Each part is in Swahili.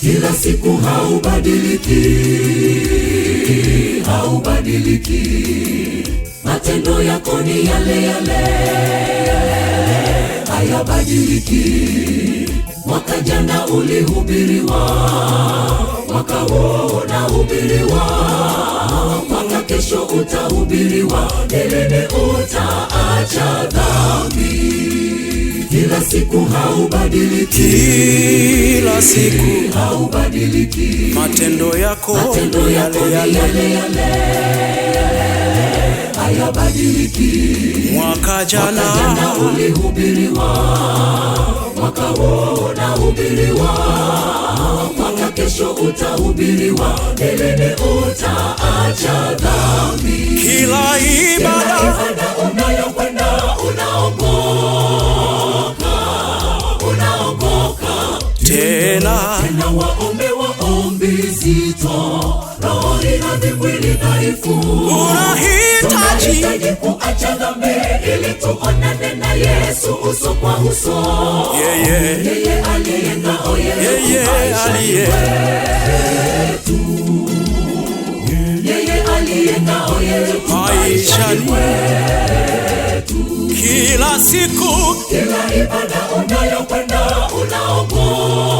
kila siku haubadiliki, haubadiliki. Matendo yako ni yale yale, hayabadiliki. Mwaka jana ulihubiriwa, mwaka huu unahubiriwa, mwaka kesho utahubiriwa, milele utaacha dhambi siku haubadiliki, kila siku haubadiliki, matendo yako matendo yako yale yale hayabadiliki. Mwaka jana ulihubiriwa, mwaka huu unahubiriwa, mwaka kesho utahubiriwa, milele utaacha dhambi. Kila ibada unayokwenda nzito, roho linadhikwili dhaifu, unahitaji kuacha dhambi ili tuonane na Yesu uso kwa uso. Yeye aliye nao yeye aliye wetu, yeye aliye nao yeye maishani wetu, kila siku, kila ibada unayokwenda unaokoa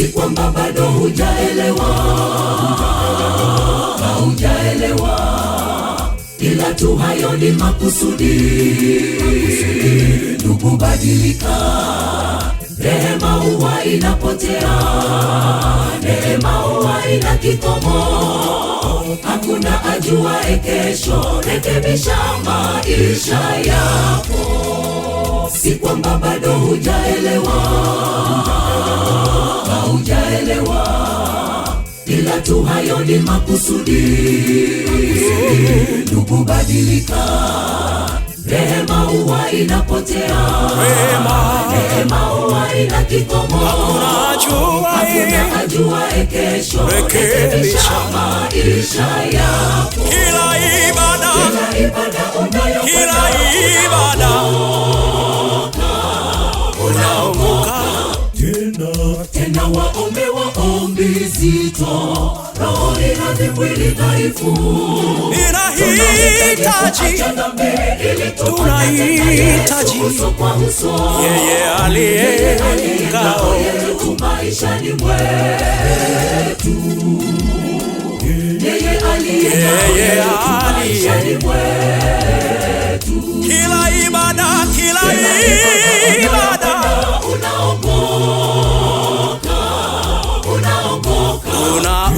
si kwamba bado hujaelewa, haujaelewa, ila tu hayo ni makusudi. Ndugu, badilika, rehema huwa inapotea, neema huwa ina kikomo. Hakuna ajuaye kesho, rekebisha maisha yako, si kwamba bado hujaelewa ila tu hayo ni makusudi. Ndugu, badilika, rehema huwa inapotea, rehema huwa ina kikomo. Hakuna ajuaye kesho, rekebisha maisha yako. Kila ibada, kila ibada unayokwenda unaokoka tena, tena waombe zito roho inadhi mwili dhaifu inahitaji tunahitaji yeye aliye ngao yetu maishani mwetu yeye aliye maishani mwetu kila ibada kila ibada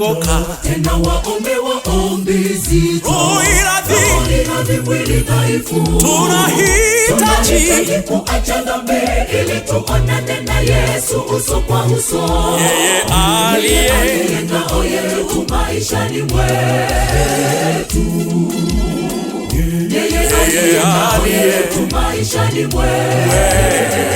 kuongoka. Tena waombe waombezi, tuiradhi mwili dhaifu, tunahitaji kuacha dhambi ili tuonane na Yesu uso kwa uso. Yeye aliyeenda oyetu maishani mwetu, yeye aliyetu maishani mwetu